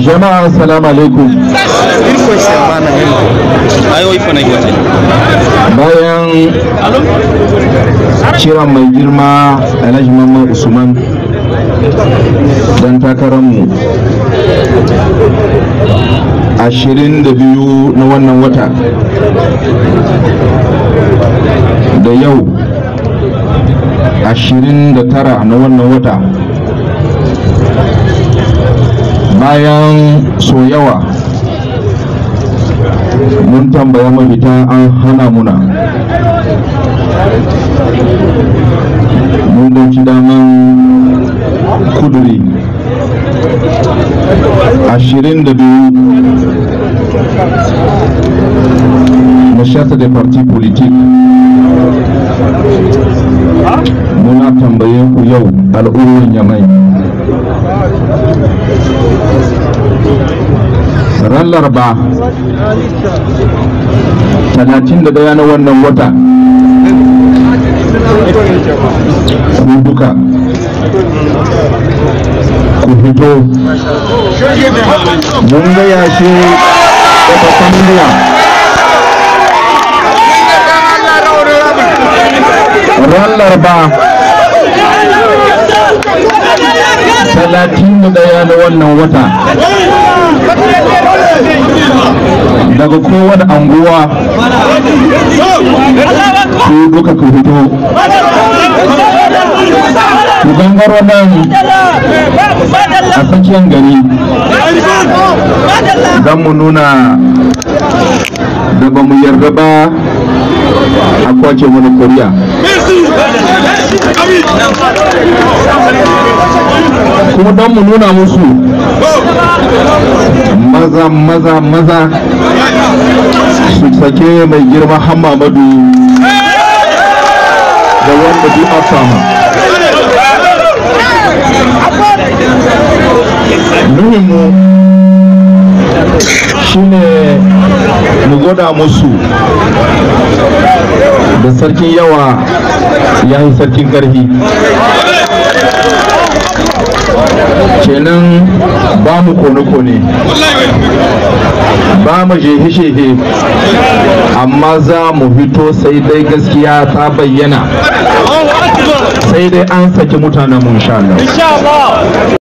Jama'a assalamu alaikum. Bayan cewa mai girma Alhaji Mamman Usman dan takararmu ashirin da biyu na wannan wata da yau ashirin da tara na wannan wata bayan so yawa, mun tambaya mafita an hana muna mun dauki daman kuduri ashirin da biyu na shata da parti politik muna tambaye ku yau al'ummar yamai ran larba 31 na wannan wata ku duka ku fito mun gaya shi da bakan miliya ran larba talatin da ɗaya na wannan wata daga kowane anguwa ku duka ku fito ku gangaro nan a tsakiyar gari don mu nuna da ba mu yarda ba a kwace wani koriya kuma don mu nuna musu maza maza maza su sake mai girma hamamadu da wanda bi a sama nuhinmu shine mu goda musu da sarkin yawa ya yi sarkin karfi kenan ba mu kone-kone ba mu shehe-shehe amma za mu fito sai dai gaskiya ta bayyana sai dai an saki mutanen mu insha Allah